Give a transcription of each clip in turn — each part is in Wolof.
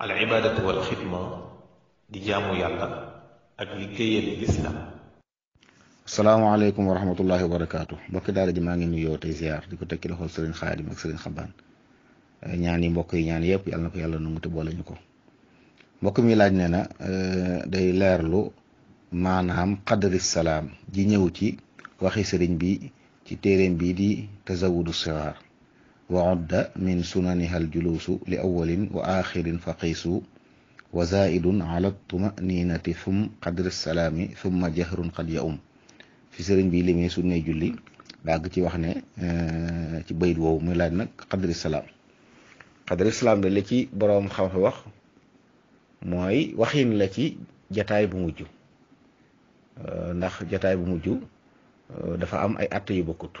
al ibaadatu wal xidma di jaamu yàlla ak liggéeyal lislaam asalaamaaleykum wa rahmatullahi wa barakaatu mbokki daara ji maa ngi nuyoo tey ziar di ko tekki loxol sëriñ xaadim ak sëriñ xabaan eh, ñaan yi mbokk yi ñaan yëpp yàlla na ko yàlla nangu te boole ñu ko mbokk mi laaj nee na eh, day leerlu maanaam qadri salaam ji ñëw ci waxi sëriñ bi ci téeréem bi di tazawudu sigaar wa udda min sunaniha aljuluusu li awalin wa axirin fa qiisu wa zaidun ala tumaninati thum qadri salaami thumma jahrun qad ya um fi sëriñ bi limee sunnay julli dagg ci wax ne eh, ci bayit woowu muy laaj nag qadri salaam qadri salaam de la ci boroom xam-xam wax mooy waxin la ci jataay bu mujj eh, ndax jataay bu mujj eh, dafa am ay àtt yu bokkut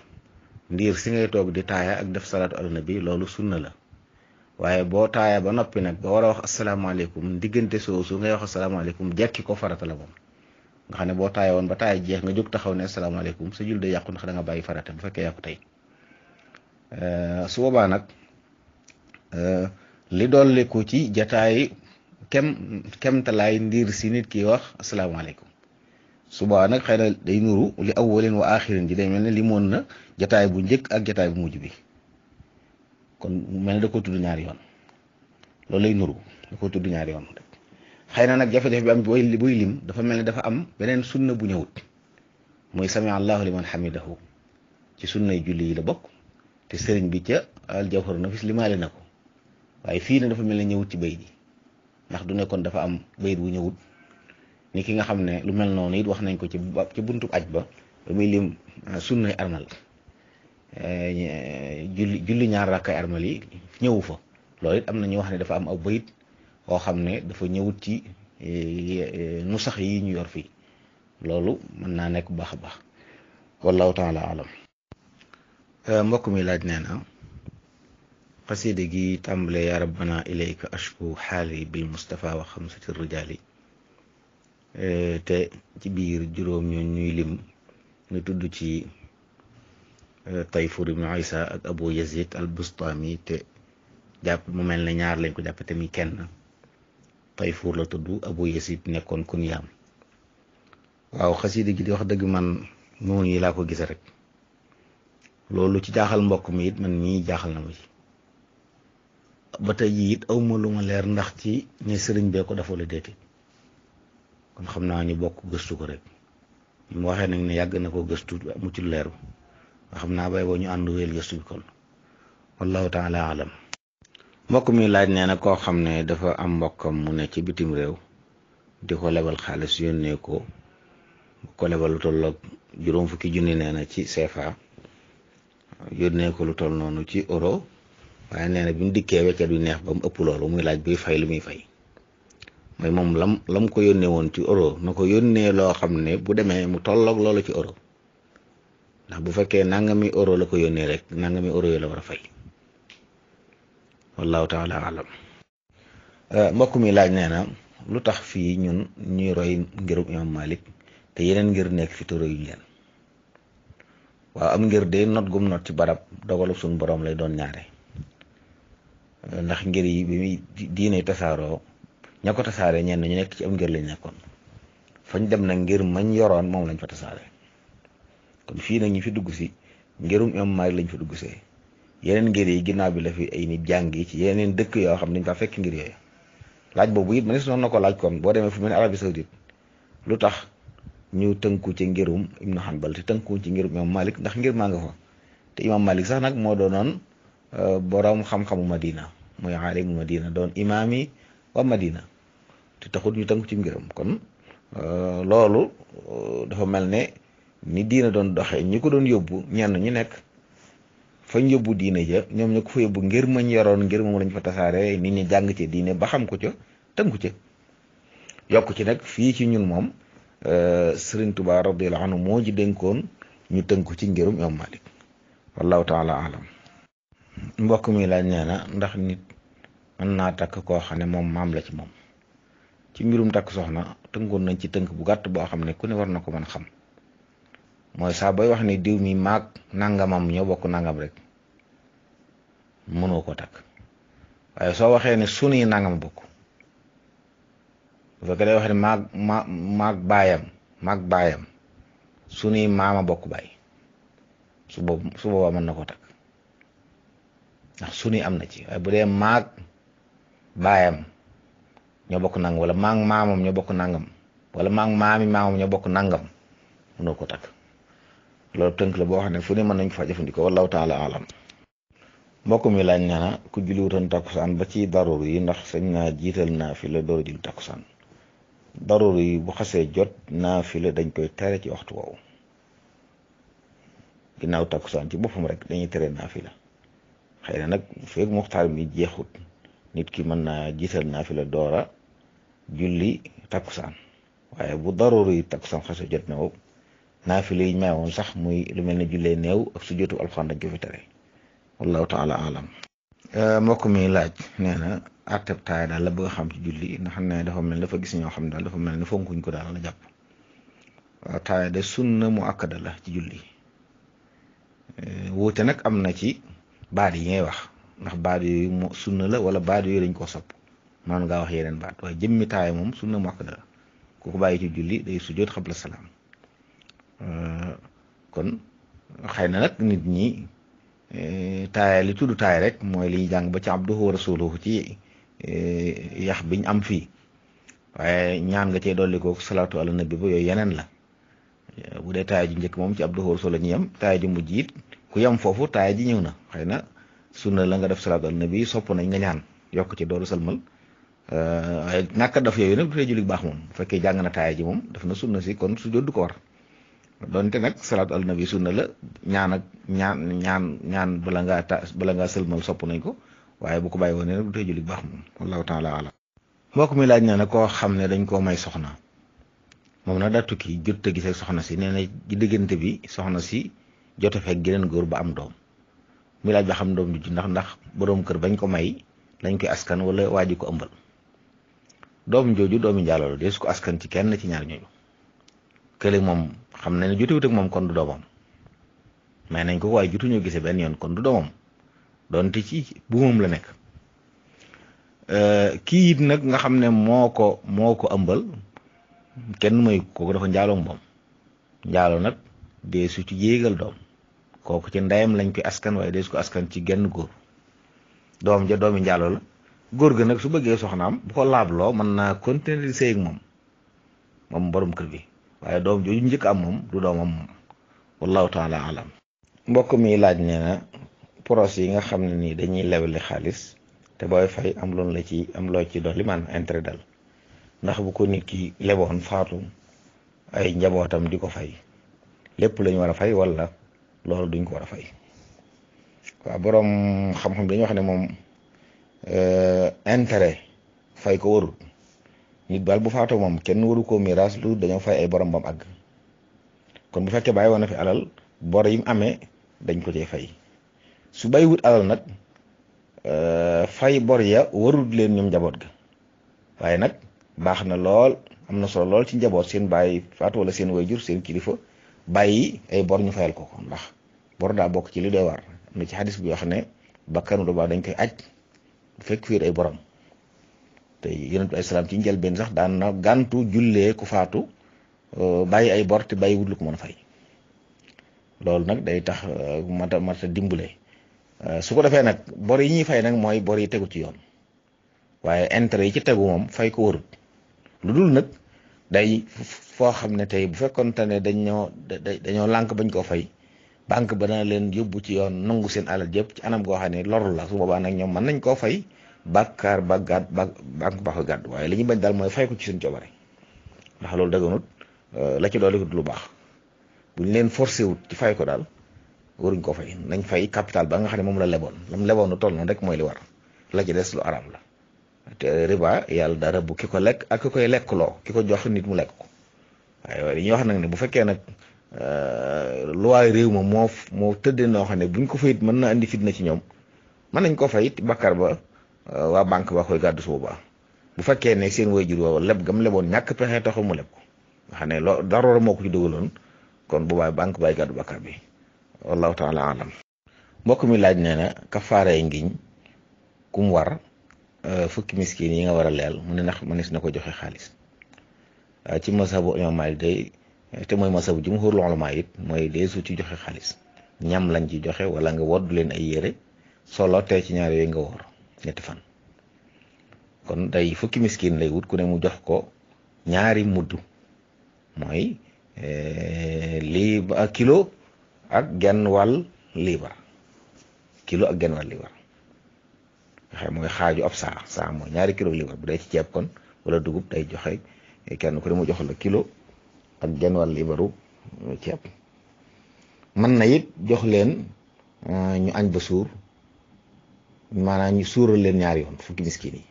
ndiir si ngay toog di taaya ak def salaatu ala nabi loolu sunna la waaye boo taaya ba noppi nag ba war a wax asalaamaaleykum diggante soosu ngay wax asalaamaaleykum jekki ko farata la moom nga xam ne boo taaya woon ba taaya jeex nga jóg taxaw ne asalaamaaleykum sa jul yàqu ndax da nga bàyyi farata bu fekkee yàqu euh, nag euh, li dolli ci jataay kem ndiir si nit ki wax asalaamaaleykum subaa nag xëy na day nuru li awwalin wa axirin ji day mel ne limoon na jataay bu njëkk ak jataay bu mujj bi kon mel ne da ko tudd ñaari yoon loolu lay nuru da ko tudd ñaari yoon rek xëy na nag jafe-jafe bi am buy lim dafa mel ne dafa am beneen sunna bu ñëwut mooy sami allahu liman hamidahu ci sunnay julli yi la bokk te sëriñ bi ca aljawhar nafis limaale na ko waaye fii na dafa mel ne ñëwut ci bay ji ndax du nekkoon dafa am bayit bu ñëwut nit ki nga xam ne lu mel noonu it wax nañ ko ci ci buntu aj ba ba muy lim ah, sunnay armal eh, julli julli ñaar rakkay armal yi ñëwu fa loolu it am na ñu wax ne dafa am aw bayit woo xam ne dafa ñëwut ci eh, eh, nu sax yi ñu yor fii loolu mën naa nekk baax a baax wallahu taala alam mbokk mi laaj nee na xaside gi tàmbale yaa rabbana ilayka ashku xaali bil mustafa wa xamsati rijaali Eh, te ci biir juróom ñoo ñuy lim ñu tudd ci eh, Tayfur ibnu Isa ak Abu Yazid al Bustami te jàpp mu mel ne ñaar lañ ko jàppe te muy kenn Tayfur la tudd Abu Yazid nekkoon kun yaam waaw a gi di wax dëgg man noonu yi laa ko gise rek loolu ci jaaxal mbokk mi it man mii jaaxal na ma ci ba tey it awma lu ma leer ndax ci ne sëriñ bee ko dafa la déeti xam naa ñu bokk gëstu ko rek mu waxee nag ne yàgg na ko gëstu mu ci leeru nga xam naa bay ñu ànd wéyal gëstu bi kon wallahu taala alam mbokk mi laaj nee na koo xam ne dafa am mbokkam mu ne ci bitim réew di ko lebal xaalis yónnee ko ko lu juróom fukki junni nee na ci CFA yónnee ko lu toll noonu ci euro waaye nee na bi mu dikkee wekket bi neex ba mu ëpp loolu muy laaj bi fay lu muy fay mais moom lam lam ko yónnee woon ci euro na ko yónnee loo xam ne bu demee mu tolloog loolu ci euro ndax bu fekkee nangami euro la ko yónnee rek nangami euro yi la war a fay wallahu taala alam euh, mbokk mi laaj nee na lu tax fii ñun ñuy roy ngirum imam malik te yeneen ngir nekk fi toro yuñ leen waaw am ngir de not gum not ci barab dogalu suñu boroom lay doon ñaare ndax ngir yi bi muy diine tasaaroo ña ko tasaare ñenn ñu nekk ci am ngir lañ nekkoon fañ dem na ngir mañ yoroon moom lañ fa tasaare kon fii na ñu fi dugg si ngirum imam Maalik lañ fi dugg see yeneen ngir yi ginnaaw bi la fi ay nit jàng yi ci yeneen dëkk yoo xam ne dañ fa fekk ngir yooyu laaj boobu it manis soon na ko laaj kon boo demee fu mel ne Arabie Saoudite lu tax ñu tënku ci ngirum Ibnu Hanbal te tënku ci ngirum imam malik ndax ngir maa nga fa te imam Maalik sax nag moo doonoon euh, borom xam-xamu Madina muy aalimul Madina doon imaami wa Madina te taxul ñu tënku ci mbiram kon euh, loolu euh, dafa mel ne ni diina doon doxee ñu ko doon yóbbu ñenn ñu nekk fa fañ yóbbu diine ja ñoom ñu ko fa yóbbu ngir mañ yoroon ngir moom lañ fa tasaare nit ñi jàng diine ba xam ko ca tënku ca yokk ci nag fii ci ñun moom euh, Sëriñ Tuubaa radiyallaahu anhu moo ji dénkoon ñu tënku ci ngirum Imaam Maalik wallahu taala alam mbokk mi laaj nee na ndax nit mën naa takk koo xam ne moom maam la ci moom ci mbirum takk soxna tënkoon nañ ci tënk bu gàtt boo xam ne ku ne war na ko mën xam mooy saa booy wax ne diw mi maag nangamam ñoo bokk nangam rek mënoo ko takk waaye soo waxee ne sunuy nangam bokk bu wax ne baayam maag baayam sunuy maama bokk baay su boobu mën na ko takk ndax sunuy am na ci waaye bu dee maag baayam ñoo bokk nangam wala maa ngi maamam ñoo bokk nangam wala maa ngi maami maamam ñoo bokk nangam mënoo ko takk loolu tënk la boo xam ne fu ne mën nañ ko fa jëfandikoo wallahu taala alam mbokk mi laaj nee na ku julliwutoon takkusaan ba ci darur yi ndax sañ naa jiital naa fi la door julli takkusaan darur yi bu xasee jot naa fi la dañ koy tere ci waxtu woowu ginnaaw takkusaan ci boppam rek dañuy tere naa fi la xëy na nag feeg muxtaar mi jeexut nit ki mën naa jiital naa fi la doora julli takkusaan waaye bu daruri takkusaan xase jot na wow naafile yi woon sax muy lu mel ne jullee néew ak su jotu alxuraan dañ ko fi tere wallahu taala alam euh, mbokk laaj nee na atteb taay daal la bëgg a xam ci julli ndax xam ne dafa mel ne dafa gis ñoo xam ne daal dafa mel ne fonkuñ ko daal la jàpp waaw euh, de sunna mu akkada la ci julli euh, wuute nag am na ci baat yi wax ndax baat yooyu sunna la wala baat yooyu lañ koo sopp man ngaa wax yeneen baat waaye jëmmi taaya moom sunna muakkada la ku ko bàyyi ci julli day sujjóot xabla salaam euh, kon xëy na nag nit ñi euh, taaya li tudd taaya rek mooy li ñu jàng ba ci abduhu wa rasuluhu ci euh, yax biñ am fii waaye ñaan nga cee dolli ko salaatu ala ba yooyu yeneen la bu dee taaya ji njëkk moom ci abduhu wa rasuluhu la ñu yem taaya ji mujj it ku yem foofu taaya ji ñëw na xëy na sunna la nga def salaatu ala nabi sopp nañ nga ñaan yokk ci dooru salmal waaye euh, ñàkk a def yooyu nag du tee julli baax moom bu fekkee jàng na taaya ji moom def na sunna si kon su jot du ko war doonte nag salaatu ala nabi sunna la ñaan ak ñaan ñaan ñaan bala ngaa ta bala sëlmal sopp nañ ko waaye bu ko bàyyi woon nag du tee julli bu baax moom wallahu taala mbokk mi laaj na koo xam ne dañ koo may soxna moom nag daa jot a gisee soxna si nee na ci diggante bi soxna si jot geneen góor ba am laaj ba xam doom ji ndax ndax boroom kër bañ ko may lañ koy askan wala waa ji ko ëmbal doom jooju doomi njaalo la dee su ko askan ci kenn ci ñaar ñooñu kële moom xam na ne jotewut ak moom kon du doomam may nañ ko waaye jotuñoo gisee benn yoon kon du doomam donte ci buumam la nekk kii it nag nga xam ne moo ko moo ko ëmbal kenn mooy kooku dafa njaaloog moom njaalo nag dee su ci doom kooku ci ndeyam lañ koy askan waaye dee su ko askan ci genn góor doom ja doom njaalo la góor ga nag su bëggee soxnaam bu ko laabloo mën naa continuer di sëy ak moom moom borom kër gi waaye doom jooju njëkk am moom du doomam moom wallahu taala alam mbokk mi laaj nee na poros yi nga xam ne nii dañuy lewli xaalis te booy fay am loolu la ci am loo ci doo maanaam intérêt dal ndax bu ko nit ki leboon faatu ay njabootam di ko fay lépp lañu war a fay wala loolu duñ ko war a fay waaw borom xam-xam dañu wax ne moom Euh, intérêt fay ko warut nit baal bu faatoo moom kenn waru ko miraas lu dañoo fay ay borom bam àgg kon bu fekkee bàyyi woon na fi alal bor yi mu amee dañ ko cee fay su bàyyiwut alal nag euh, fay bor ya warut leen ñoom njaboot ga waaye nag baax na lool am na solo lool ci njaboot seen bàyyi faatu wala seen wayjur seen kilifa bàyyi ay bor ñu fayal ko ndax bor daa bokk ci li doy war am ci xadis bi yoo xam ne bakkanu ba dañ koy aj fekk fiir ay borom te yonent bi ay salaam ci njëlbeen sax daan na gàntu jullee ku faatu euh, bàyyi ay bor te bàyyi wut lu ko mën a fay loolu nag day tax euh, mat a mat a dimbale euh, su ko defee nag bor yi ñuy fay nag mooy bor yi tegu ci yoon waaye intérêt yi ci tegu moom fay ko warut lu dul nag day foo xam ne tey bu fekkoon te ne dañoo dañoo lànk bañ koo fay banque ba dana leen yóbbu ci yoon nangu seen alal jëpp ci anam goo xam ne loru la su boobaa nag ñoom mën nañ koo fay bàkkaar ba gàdd ba banque ba ko gàdd waaye li ñu bañ daal mooy fay ko seen coobare ndax loolu dëgganut euh, la ci doole lu baax bu leen forcé wut fay ko daal waruñ ko fay nañ fay capital ba nga xam ne moom la leboon lam leboon toll noonu rek mooy li war la ci des lu araam la te riba yàlla dara rëbb ki ko lekk ak ki koy lekkloo ki ko jox nit mu lekk ko waaye li ñuy wax nag ne bu fekkee nag. Euh, luwaay réew ma moo moo tëdd noo xam ne buñ ko fayit mën na andi fitna ci ñoom mën nañ ko fayit bakkar ba euh, waa banque ba koy gàddu su boobaa bu fekkee ne seen waajur woowu leb gam leboon ñàkk pexee taxu mu leb ko nga xam ne loo daroor moo kon boobaa banque bay gàddu bakkar bi wallahu taala mbokk mi laaj nee na kafaare ngiñ ku mu war euh, fukki miskin yi nga war a leel mu ne ndax mënees na ko joxe xaalis ci mazhabu imam Maalik day te mooy ma masabu jumhur ulama it mooy deesu ci joxe xaalis ñam lañ ci joxe wala nga wodd leen ay yére solo tey ci ñaari yooyu nga woor ñetti fan kon day fukki miskin lay wut ku ne mu jox ko ñaari mudd mooy eh, liiba kilo ak genn wàll liibar kilo ak genn wàll mooy xaaju ab saa saa mooy ñaari kilo liibar bu day ci ceeb kon wala dugub day joxe kenn ku ne mu jox la kilo ak genn wàll ibaru uh, ceeb mën na it jox leen uh, ñu añ ba suur maanaam ñu suural leen ñaari yoon fukki miskin yi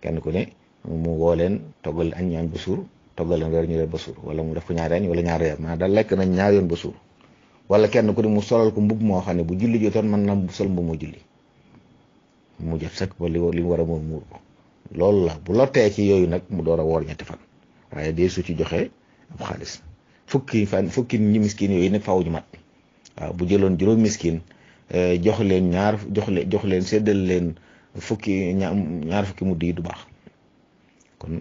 kenn ku ne mu woo leen toggal añ ñu añ ba suur toggal leen reer ñu reer ba suur wala mu def ko ñaari añ wala ñaari reer maanaam daal lekk nañ ñaari yoon ba suur wala kenn ku ne mu solal ko mbub moo xam ne bu julli jotoon mën na sol mbub moo julli mu jot sëkk ba li li war a muur muur ko loolu la bu lottee ci yooyu nag mu door a woor ñetti fan waaye dee su ci joxe ab xaalis fukki fan fukki ñi miskin yooyu nag faaw ñu mat waaw bu jëloon juróom miskin eh, jox leen ñaar jox leen jox leen seddal leen fukki ñaar fukki mudd yi du baax kon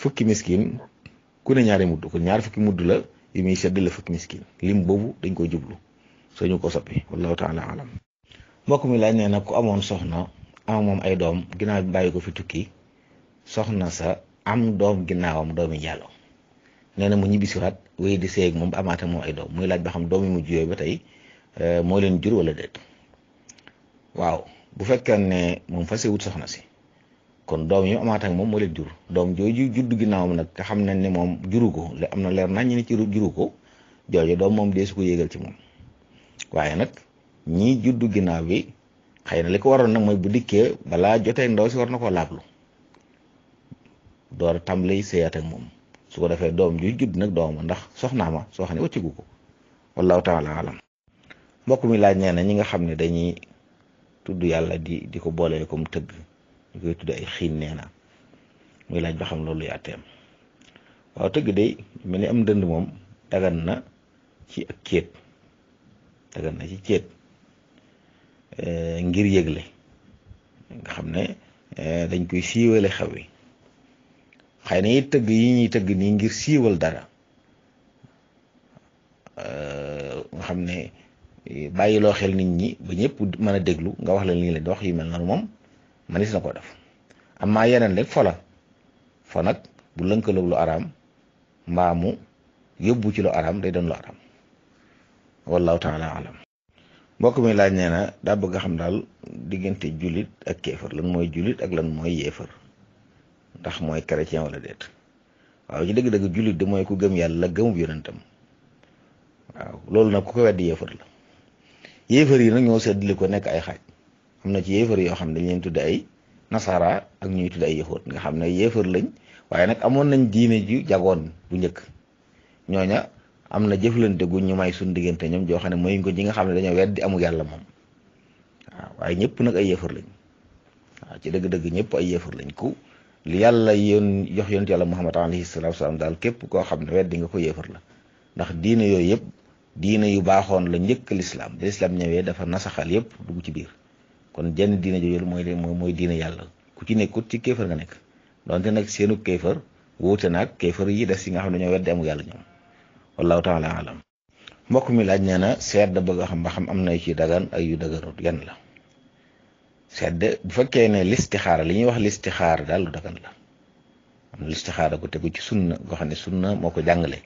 fukki miskin ku ne ñaari mudd kon ñaar fukki mudd la yu muy séddale fukki miskin lim boobu dañ koy jublu suñu ko soppi wallahu taala alam mbokk mi laaj nee nag ku amoon soxna am moom ay doom ginnaaw bi bàyyi ko fi tukki soxna sa am doom ginnaawam doomi jàlloo nee na mu ñibbisiwaat wéy di seey ak moom amaat ak moom ay doom muy laaj ba xam doom yi mu jiyoo ba tey euh, moo leen jur walla déet waaw bu fekkee ne moom fas wut soxna si kon doom yi amaat ak moom moo leen jur doom jooju juddu ginnaawam nag xam nañ ne moom juru am na leer nañ ne ci juru ko jooju doom moom dee su ko yéegal ci moom waaye nag ñii juddu ginnaaw bi xëy na li ko waroon nag mooy bu dikkee balaa jotee ndaw si war na koo laablu door a lay seeyaat ak moom. su ko defee doom ju judd nag dooma ndax soxnaa ma soo xam ne waccigu ko wallahu taala alam mbokk mi laaj nee na ñi nga xam ne dañuy tudd yàlla di di ko boolee comme tëgg ñu koy tudd ay xiin nee na muy laaj ba xam loolu yaateem waaw tëgg day mel ni am dënd moom dagan na ci ak céet dagan na ci céet eh, ngir yëgle nga xam ne eh, dañ koy siiwale xew yi xay na tëgg yi ñuy tëgg nii ngir siiwal dara nga xam ne bàyyiloo xel nit ñi ba ñëpp mën a déglu nga wax leen li leen di wax yu mel noonu moom manis na ko def am yeneen rek fola fo nag bu lënkaloog lu araam mbaa mu yóbbu ci lu araam day doon lu araam wallahu taala alam mbokk mi laaj nee na daa bëgg a xam daal diggante jullit ak kéefar lan mooy jullit ak lan mooy yéefar ndax mooy chrétien wala déet waaw ci dëgg-dëgg jullit de mooy ku gëm yàlla gëmub yonentam waaw loolu nag ku ko weddi yéefar la yéefar yi nag ñoo seddli ko nekk ay xaaj am na ci yéefar yoo xam ne dañ leen tudde ay nasara ak ñuy ay yëfoot nga xam ne yéefar lañ waaye nag amoon nañ diine ju jagoon bu njëkk ñooña am na jëflante gu ñu may diggante ñoom joo xam ne mooy ko ñi nga xam ne dañoo weddi amu yàlla moom waaye ñëpp nag ay yéefar lañ waaw ci dëgg-dëgg ñëpp ay yéefar lañ ku li yàlla yoon jox yonent yàlla muhammad alayhi salaatu wasalaam daal képp koo xam ne weddi nga ko yéefar la ndax diina yooyu yëpp diina yu baaxoon la njëkk lislaam bi lislaam ñëwee dafa nasaxal yëpp dugg ci biir kon jenn diine jooju mooy mooy diine yàlla ku ci nekkut ci kéefar nga nekk donte nag seenu kéefar wuute naag kéefar yi des yi nga xam ne ñoo weddi amu yàlla ñoom wallahu taala alam mbokk mi laaj nee na seet da bëgg a xam ba xam am na yu ci dagan ak yu dëgërut yan sedd bu fekkee ne listixaar li ñuy wax listixaar daal lu dagan la am listixaar ko tegu ci sunna goo xam ne sunna moo ko jàngale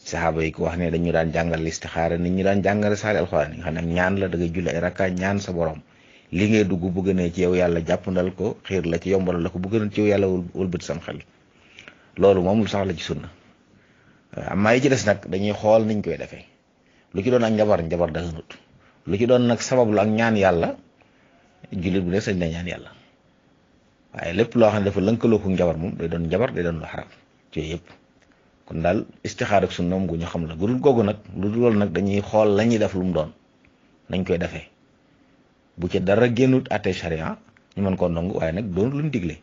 saxaaba yi ko wax ne dañu daan jàngal listixaara nit ñu daan jàngal saari alxuraan yi nga xam ne ñaan la da ngay julli ay ñaan sa borom li ngay dugg bu ci yow yàlla jàppandal ko xiir la ci yombal la ko bu gën ci yow yàlla wëlbati sam xel loolu moom lu sax la ci sunna amaa yi ci des nag dañuy xool niñ koy defee lu ci doon ak njabar njabar daganut lu ci doon nag sabab lu ak ñaan yàlla jullit bu nekk sañ na ñaan yàlla waaye lépp loo xam ne dafa lënkaloo ko njabar moom day doon njabar de doon lu xaram ci yëpp kon daal istixaar ak sunna gu ñu xam la gudul googu nag lu nag dañuy xool lañuy ñuy def lu mu doon nañ koy defee bu ci dara génnut àtte sharia ñu mën koo nangu waaye nag doon luñ digle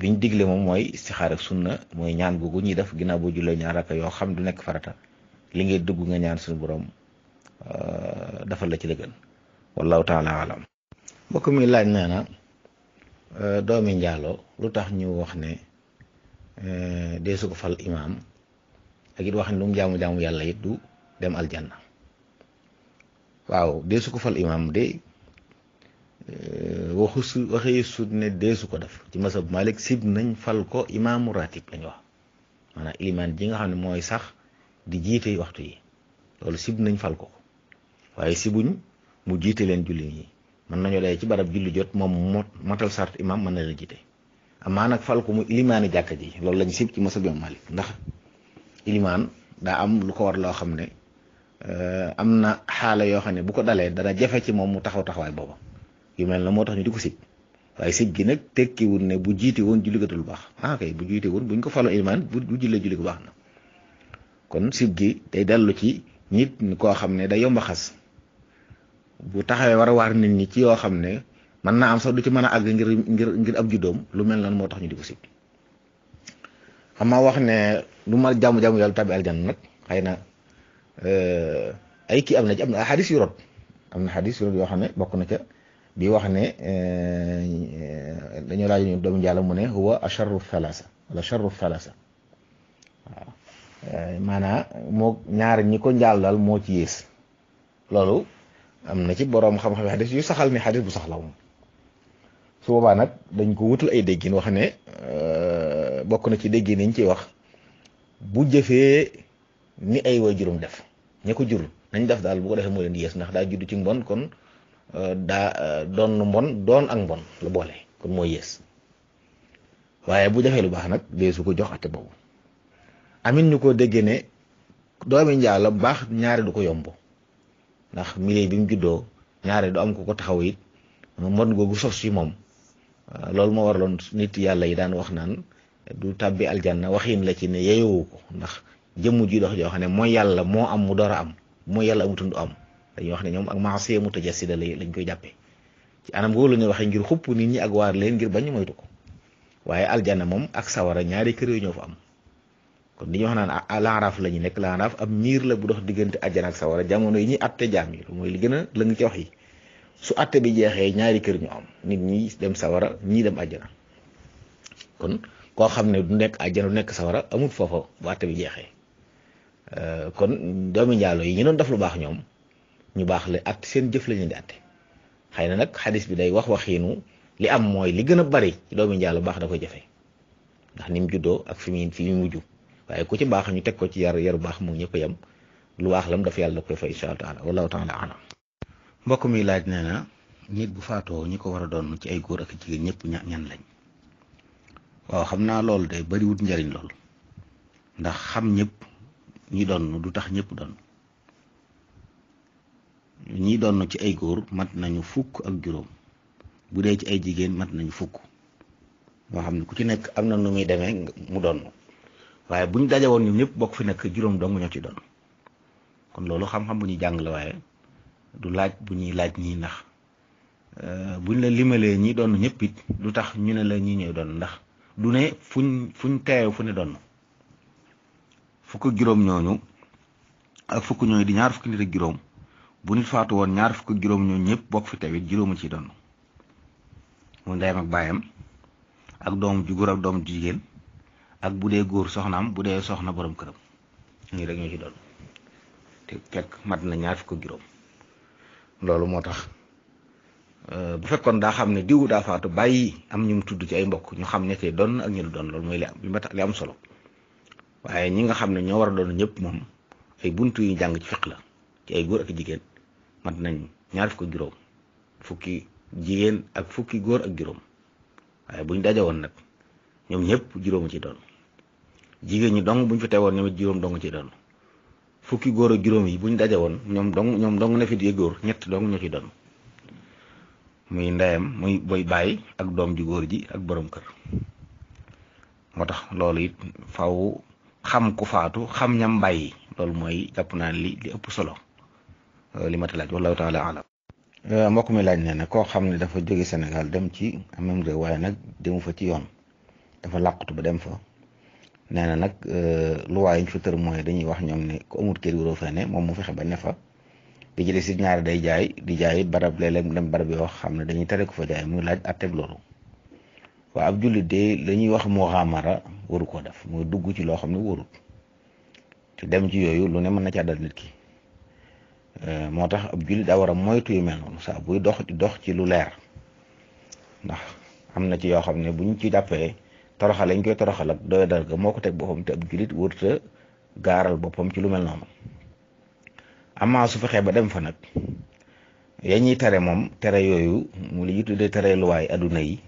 bi ñu digle moom mooy istixaar ak sunna mooy ñaan googu ñuy def ginnaaw boo jullee ñaar raka yoo xam du nekk farata li ngay dugg nga ñaan suñu borom euh, dafa la ci la gën wallahu taala alam mbokk mi laaj nee na euh, doomi njaalo lu tax ñu wax ne euh, dee su ko fal imaam ak it wax ne lu mu jaamu jaamu yàlla it du dem aljanna waaw dee ko fal imaam de euh, waxu su waxee sut ne dee ko def ci masab Malik sib nañ fal ko imaamu ratib lañ wax maanaam ilimaan ji nga xam ne mooy sax di jiite waxtu yi loolu sib nañ fal ko waaye sibuñ mu jiite leen julli yi. mën nañu lay ci barab julli jot moom mot motal sart imam mën na la jiite amaa nag fal ko mu ilimaani jàkka ji loolu lañ sib ci masab imam Malik ndax ilimaan daa am lu ko war loo xam ne euh, am na xaala yoo xam ne bu ko dalee dana jafe ci moom mu taxaw taxawaay booba yu mel na moo tax ñu di ko sib waaye sib gi nag tekkiwul ne bu jiite woon julligatu lu baax ah kay bu jiite bu buñ ko falo ilimaan bu bu jullee julli bu baax na kon sib gi day dellu ci nit koo xam ne day yomba bu taxawee war a waar nit ñi ci yoo xam ne mën naa am sax du ci mën a àgg ngir ngir ngir ab doom lu mel na nan moo tax ñu di ko sib xam wax ne lu ma jàmm jàmm yàlla tabi aljan nag xëy na euh, ay kii am na am na ay xadis yu am na xadis yoo xam ne bokk na ca bi wax ne euh, dañoo laaj ñu doomu jàlla mu ne huwa asharru thalasa wala sharru thalasa waaw euh, moo ñaar ñi ko njàllal moo ci yées loolu am na ci boroom xam-xam xadis yu saxal ne xadis bu sax la moom su boobaa nag dañ ko wutul ay déggin wax ne euh, bokk na ci déggin yi ñu ciy wax bu jëfee ni ay way juróom def ña ko jur nañ def daal bu ko defee moo leen yées ndax daa juddu ci mbon kon euh, daa euh, doon mbon doon ak mbon la boole kon moo yées waaye bu defee lu baax nag dee su ko jox atte boobu amin ñu ko déggee ne doomi njaalo baax ñaari du ko yomb ndax milieu bi mu juddoo ñaare du am ku ko taxaw it mbon googu sof si moom ah, loolu moo waraloon nit yàlla yi daan wax naan du tàbbi aljanna waxin la ci ne yeyowu ko ndax jëmm ji dox joo xam ne mooy yàlla moo am mu door am mooy yàlla amutoon du am dañuy wax ne ñoom ak maasee mu tajassida lañ koy jàppee ci anam googu la ñuy waxee ngir xupp nit ñi ak waar leen ngir bañ moytu ko waaye aljanna moom ak sawara ñaari kër yoo ñoo fa am kon li ñuy wax naan laaraaf la ñu nekk laaraaf ab miir la bu dox diggante àjjana ak sawara jamono yi ñuy atte jaam yi mooy li gën a lëng ci wax yi su atte bi jeexee ñaari kër ñu am nit ñi dem sawara ñii dem àjjana kon koo xam ne du nekk àjjana du nekk sawara amul foofa bu atte bi jeexee euh, kon doomi njaalo yi ñu doon def lu baax ñoom ñu baax la at seen jëf lañu ñu di atte xëy na nag xadis bi day wax waxiinu li am mooy li gën a bari ci doomi njaalo baax da koy jafe ndax ni mu juddoo ak fi mu fi mu mujj waaye ku ci baax ñu teg ko ci yar yaru baax moom ñëpp yem lu baax lam dafa yàlla koy fay incha allah taala wallahu taala alam mbokk mi laaj nee na nit bu faatoo ñi ko war a doon ci ay góor ak jigéen ñëpp ña ñan lañ waaw xam naa loolu de bariwut njariñ lool ndax xam ñépp ñi doon du tax ñépp doon ñi doon ci ay góor mat nañu fukk ak juróom bu dee ci ay jigéen mat nañu fukk moo xam ne ku ci nekk am na nu muy demee mu doon waaye bu ñu daje woon ñëpp bokk fi nekk juróom dong ñoo ci doon kon loolu xam-xam bu ñuy jàng la waaye du laaj bu ñuy laaj ñii ndax euh, buñ la limalee ñii doon ñëpp it du tax ñu ne la ñii ñooy doon ndax du ne fuñ fuñ teew fu ne doon fukk juróom ñooñu ak fukk ñooñu di ñaar fukk nit ak juróom bu nit faatu woon ñaar fukk juróom ñooñu ñëpp bokk fi teewit juróomu ci doon mu ndeyam ak baayam ak doom ju ak doom jigéen ak bu dee góor soxna am bu dee soxna borom këram ñii rek ñoo ci doon te mat na ñaar fukk juróom loolu moo tax euh, bu fekkoon daa xam ne diw daa faatu bàyyi am ñu mu tudd ci ay mbokk ñu xam ne te doon ak ñu lu doon loolu mooy li am li am solo waaye ñi nga xam ne ñoo war a doon ñëpp moom ay buntu yu jàng ci fekk la ci ay góor ak jigéen mat nañ ñaar fukk juróom fukki jigéen ak fukki góor ak juróom waaye buñ daje woon nag ñoom ñëpp juróomu ci doon. jigéen ñi dong buñ fi teewoon ñoom it juróom dong ci doon fukki góor ak juróom yi buñ daje woon ñoom dong ñoom dong na fi di góor ñett dong ñoo ci doon muy ndeyam muy boy bàyyi ak doom ju góor ji ak borom kër moo tax loolu it faw xam ku faatu xam ñam bàyyi loolu mooy jàpp naa li ëpp solo euh, li ma laaj wallahu taala alam euh, mbokk mi laaj nee na koo xam ne dafa jóge senegal dem ci amam réew waaye nag demu fa ci yoon dafa làqutu ba dem fa nee na nag euh, luwaay yi ñu fa tër mooy dañuy wax ñoom ne ku amul kër waroo fa ne moom mu fexe ba ne fa bi si ñaar day jaay di jaay barab léeg dem barab yoo xam ne dañuy tere ko fa jaay muy laaj atteb loolu waaw ab de la ñuy wax muxaamara waru ko def mooy dugg ci loo xam ne warut te dem ci yooyu lu ne mën na caa dal nit ki euh, moo tax ab jullit daa war moytu yu mel noonu saa buy dox di dox ci lu leer ndax am na ci yoo xam ne bu ñu ci jàppee. toroxal lañ koy toroxal ak doyo dal moo ko teg boppam te ab julit wërta gaaral boppam ci lu mel noonu amaa su fexee ba dem fa nag ya ñuy tere moom tere yooyu mu li ñu tuddee tere luwaay adduna yi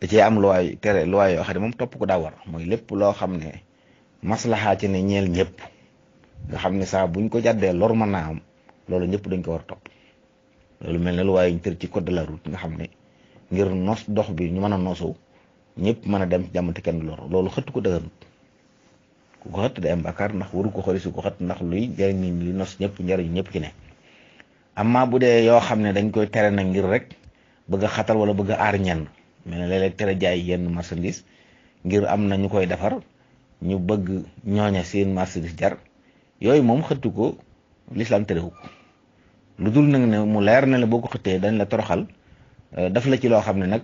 da cee am luwaay tere luwaay yoo xam ne moom topp ko daa war mooy lépp loo xam ne maslaxaa ci ne ñeel ñëpp nga xam ne saa ñu ko jàddee lor mën naa am loolu ñëpp dañ ko war a topp lu mel ne luwaay yuñ tër ci code de la nga xam ne ngir nos dox bi ñu mën a nosu ñépp mën a dem jàmm te kenn loolu xëtt ko dëgënut ku ko xëtt day am ndax waru ko xëri su ko xëtt ndax luy jëriñ li nos ñëpp njëriñ ñëpp ki ne amma bu dee yoo xam ne dañ koy tere nag ngir rek bëgg a xatal wala bëgg a aar ñenn mel ne léeg tere jaay yenn marchandise ngir am na ñu koy defar ñu bëgg ñooña seen marchandise jar yooyu moom xëttu ko lislaam terewu ko lu dul nag ne mu leer na la boo ko xëttee dañ la toroxal euh, daf la ci loo xam ne nag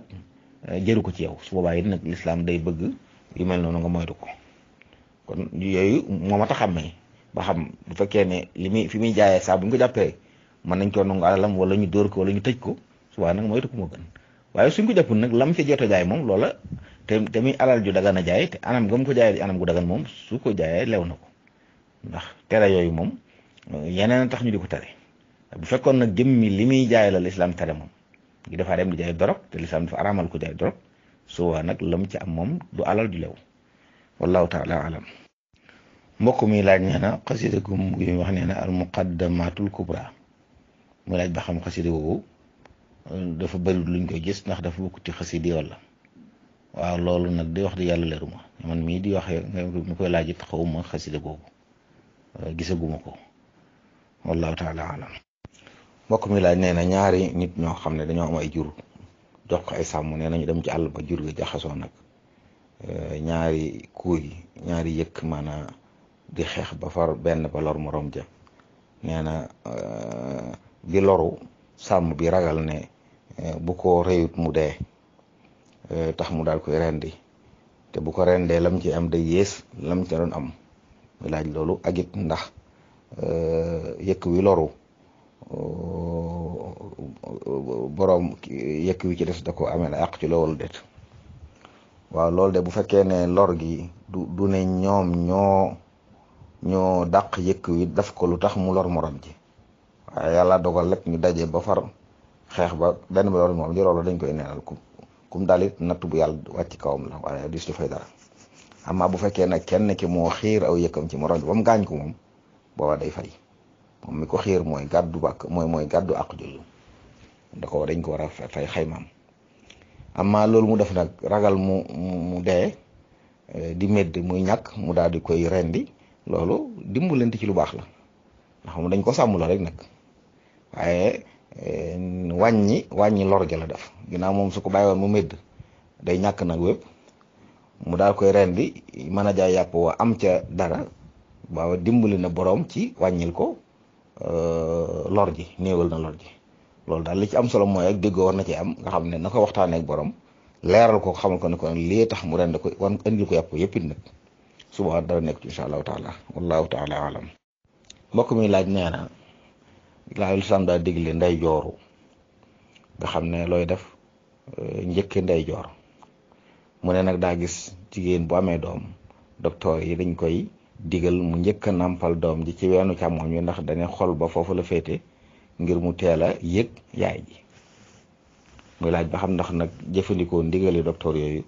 jëru ko ci yow su boobaa it nag lislaam day bëgg yu mel noonu nga moytu ko kon yooyu moo ma tax xàmmee ba xam bu fekkee ne li muy fi muy jaayee saa bu ñu jàppee mën nañ koo nangu alalam wala ñu dóor ko wala ñu tëj ko subaa nag moytu ko waaye suñ ko jàppul nag lam ci jot a jaay moom loola te te muy alal ju dagan a jaay te anam ko jaayee anam gu dagan moom su ko jaayee lew na ko ndax tere yooyu moom yeneen a tax ñu di bu fekkoon nag jëmmi li muy jaay la lislaam tere moom ngi dafaa dem di jaay dorog te lislaam dafa araamal ko jaay dorog suwaa nag lam ci am moom du alal ju lew wallahu taala alam mbokk mi laaj nee na xasida gu mu wax nee na al muqaddamatul kubra muy laaj ba xam xasida woowu dafa bëri luñ koy gis ndax dafa bokk ci xasida walla waaw loolu nag di wax di yàlla leeruma man mii di wax mi koy laaj it xawuma xasida googu gisaguma ko wallahu taala alam mbokk mi laaj nee na ñaari nit ñoo xam ne dañoo am ay jur jox ay sàmm nee nañu dem ci àll ba jur gi jaxasoo nag euh, ñaari kuy ñaari yëkk maanaa di xeex ba far benn ba lor morom ja nee na bi euh, loru sàmm bi ragal ne euh, bu ko reyut mu dee tax mu daal koy rendi te bu ko rendee lam ci am day yées lam ca doon am mi laaj loolu ak ndax yëkk wi loru boroom yekk wi ci des da ko amee na àq ci loolu det waaw loolu de bu fekkee ne lor gi du du ne ñoom ñoo ñoo dàq yëkk wi daf ko lu tax mu lor morom ji waaye yàlla dogal rek ñu daje ba far xeex ba benn ba lor morom ji loolu dañ koy neenal ku kum daal it natt bu yàlla wàcc kawam la waaye dis du fay dara amma bu fekkee nag kenn ki moo xiir aw yëkkam ci morom ji ba gaañ ko moom booba day fay moom mi ko xiir mooy gàddu bàkk mooy mooy gàddu àq jooju da ko dañ ko war a fay xaymaam amma loolu mu def nag ragal mu mu dee eh, di medd muy ñàkk mu daal di koy rendi loolu dimbalante ci lu baax la ndax dañ ko sàmm rek nag waaye eh, wàññi wàññi lor ja la def ginnaaw moom su ko bàyyi medd day ñàkk nag mu daal koy rendi mën a jaay yàpp wa am ca dara waaw dimbali na boroom ci wàññil ko Euh, lor ji néewal na lor ji loolu daal li ci am solo mooy ak déggoo war na ci am nga xam ne na ko waxtaanee ak borom leeral ko xamal ko ne ko lii tax mu rend ko wan indil ko yàpp yëpp it nag suba dara nekk ci incha allahu taala wallahu taala alam mbokk mi laaj nee na laayu daal daa digle nday jooru nga xam ne looy def eh, njëkk nday joor mu ne nag daa gis jigéen bu amee doom docteur yi dañ koy digal mu njëkk a nàmpal doom ji ci weenu càmmoñ wi ndax dane xol ba foofu la féete ngir mu teel a yëg yaay ji muy laaj ba xam ndax nag jëfandikoo ndigale docteur yooyu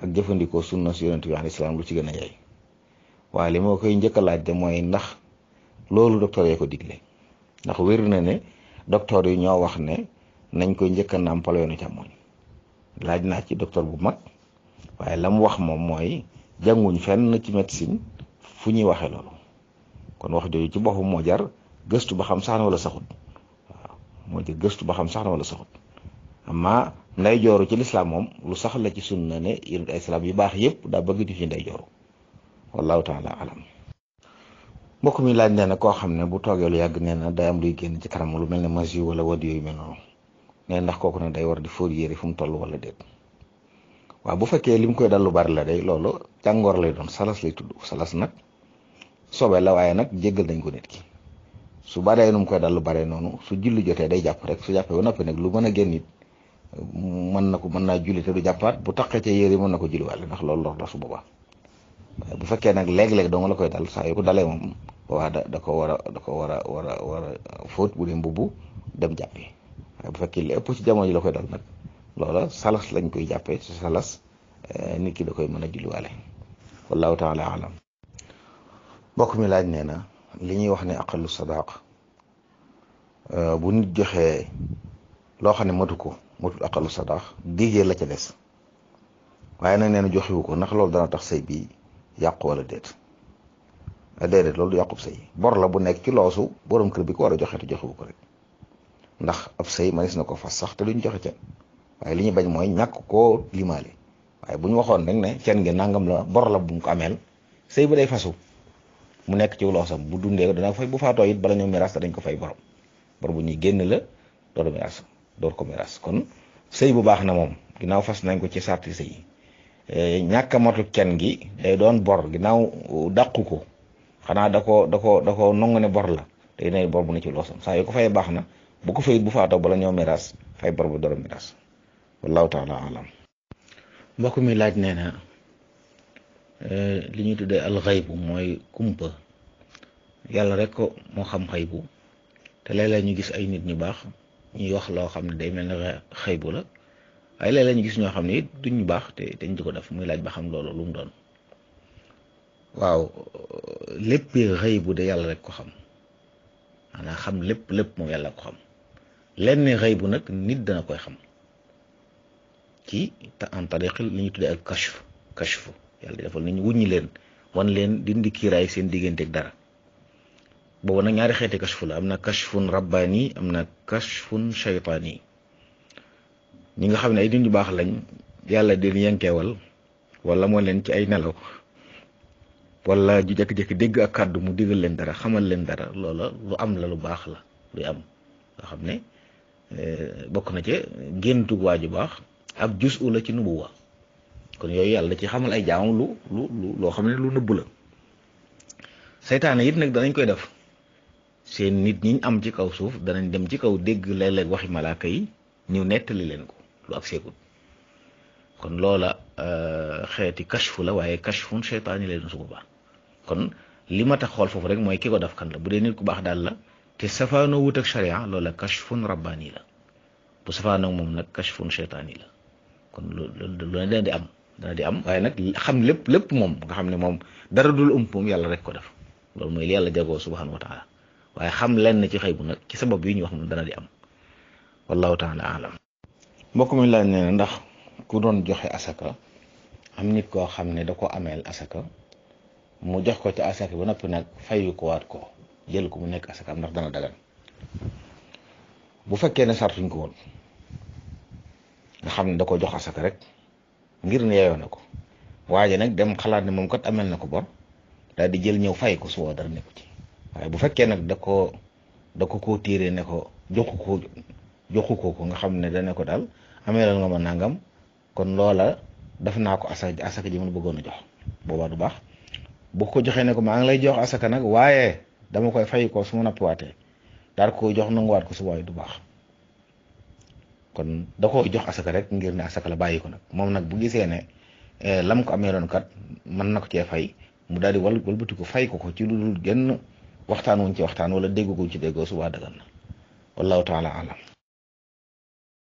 ak jëfandikoo sunna si yonent bi alayhi salaam lu ci gën a yaay waaye li moo koy njëkk a laaj de mooy ndax loolu docteur yee ko digle ndax wér na ne docteur yi ñoo wax ne nañ koy njëkk a nàmpal weenu càmmoñ laaj naa ci docteur bu mag waaye la wax moom mooy jànguñ fenn ci médecine fu ñuy waxee loolu kon wax jooju ci boppam moo jar gëstu ba xam sax na wala saxut waaw moo jar gëstu ba xam sax wala saxut amma nday jooru ci lislaam moom lu sax la ci sunna ne yonent ay salaam yu baax yëpp daa bëgg di fi nday jooru wallahu taala alam mbokk mi laaj nee na koo xam ne bu lu yàgg nee na day am luy génn ci kanam lu mel ne mas wala wad yooyu mel noonu nee ndax kooku ne day war di fóot yére fu mu toll wala déet bu fekkee lim koy dal lu bari la day loolu jàngoor lay doon salas lay tudd salas nag soobee la waaye nag jéggal nañ ko nit ki su baree nu mu koy dal lu baree noonu su julli jotee day jàpp rek su jàppee ba noppi nag lu mën a génn it mën na ko mën naa julli te du jàppaat bu taqee ca yére mën na ko julliwaale ndax loolu lor la su boobaa bu fekkee nag léeg-léeg dong la koy dal saa yu ko dalee moom da da ko war a da ko war a war a war a fóot bu dee mbubbu dem jàppee waaye bu fekkee jamono ji la koy dal nag loola salas lañ koy jàppee su salas eh, nit ki da koy mën a julliwaale wallahu taala alam mbokk mi laaj nee na li ñuy wax ne aqalu sadaq euh, bu nit joxee loo xam ne matu ko matul aqalu sadaq diijee la ca des waaye nag nee na joxewu ko ndax loolu dana tax sëy bi yàqu wala déet déedéet loolu du yàqub sëy bor la bu nekk ci loosu borom kër bi ko war a joxe te joxewu ko rek ndax ab sëy manis na ko fas sax te duñ joxe ca waaye li ñu bañ mooy ñàkk koo limaale waaye bu ñu waxoon rek ne seen ngi nangam la bor la bu mu ko ameel sëy ba day fasu mu nekk ci loosam bu dundee dana ko fay bu faatoo it bala ñoo miraas dañ ko fay borom bor bu ñuy génn la door miraas door ko miraas kon sëy bu baax na moom ginnaaw fas nañ ko ci sarti sëy yi eh, ñàkk a matu gi day doon bor ginnaaw uh, dàqu ko xanaa da ko da ko da ko nongu ne bor la day ne bor bu ne ci loosam saa yu ko fay baax na bu ko fayit bu faatoo bala ñoo miraas fay bor bu door miraas wallahu taala alam mbokk mi laaj nee na Euh, li ñuy tuddee alxaybu mooy kumpa yàlla rek ko moo xam xaybu te léeg ñu gis ay nit ñu baax ñuy wax loo xam ne day mel ne xaybu la waaye léeg ñu gis ñoo xam ne it ñu baax te dañ di ko def muy laaj ba xam loolu lu mu doon waaw lépp xaybu de yàlla rek ko xam maanaam xam lépp lépp moom yàlla ko xam lenn xëybu nag nit dana koy xam ci en tariq li ñuy tuddee ak kashf kashfu yàlla defal nañu wuññi leen wan leen dindi kiiraay seen digganteek dara boobu nag ñaari xeeti kashfu la am na kashfun rabbaani am na kashfun shaytaani ñi nga xam ne ay nit ñu baax lañ yàlla di yenkeewal wala moo leen ci ay nelaw wala ju jékki-jékki dégg ak kàddu mu digal leen dara xamal leen dara loola lu am la lu baax la luy am nga xam ne eh, bokk na ci waa ju baax ab jus u la ci nubuwa kon yooyu yàlla da ci xamal ay jaamam lu lu lu loo xam ne lu nëbb la seytaane it nag danañ koy def seen nit ñiñ am ci kaw suuf danañ dem ci kaw dégg léeg-léeg waxi malaaka yi ñu nettali leen ko lu ak seekut kon loola euh, xeeti kashfu la waaye kashfun seytaani leen su boobaa kon li ma tax xool foofu rek mooy ki ko def kan la bu dee nit ku baax daal la te safaanoo wut ak sharia loola kashfun rabbaani la bu safaanoo moom nag kashfun seytaani la kon lu lu leen di am dana di am waaye nag xam lépp lépp moom nga xam ne moom dara dul ëmp moom yàlla rek ko def loolu mooy li yàlla jagoo subhanahu wa taala waaye xam lenn ci xëy bu nag ci sabab yi ñu wax moom dana di am wallahu taala alam mbokk mi laaj ne ndax ku doon joxe asaka am nit koo xam ne da ko ameel asaka mu jox ko ci asaka ba noppi nag fayu ko waat ko jël ko mu nekk asaka am ndax dana dagan bu fekkee ne sartuñ ko woon nga xam ne da ko jox asaka rek ngir ne yeyoo na ko waaye nag dem xalaat ne moom kat amel na ko bor daal di jël ñëw fay ko suboo dara nekku waaye bu fekkee nag da ko da ko koo téere ne ko joxu ko ko ko nga xam ne dane ko daal ameelal nga ma nangam kon loola def naa ko asaka asaka ji ma bëggoon a jox boobaa du baax bu ko joxee ne ko maa ngi lay jox asaka nag waaye dama koy fay ko su ma nappiwaatee daal ko jox nanguwaat ko subooy du baax kon da ko jox asaka rek ngir ne asaka la bàyyi ko nag moom nag bu gisee ne eh, lam ko amee kat mën na ko cee fay mu daal di wal walbati ko fay ko ko ci lu dul genn waxtaan wuñ ci waxtaan wala dégg ko ci déggoo subaa dagan na wallahu taala alam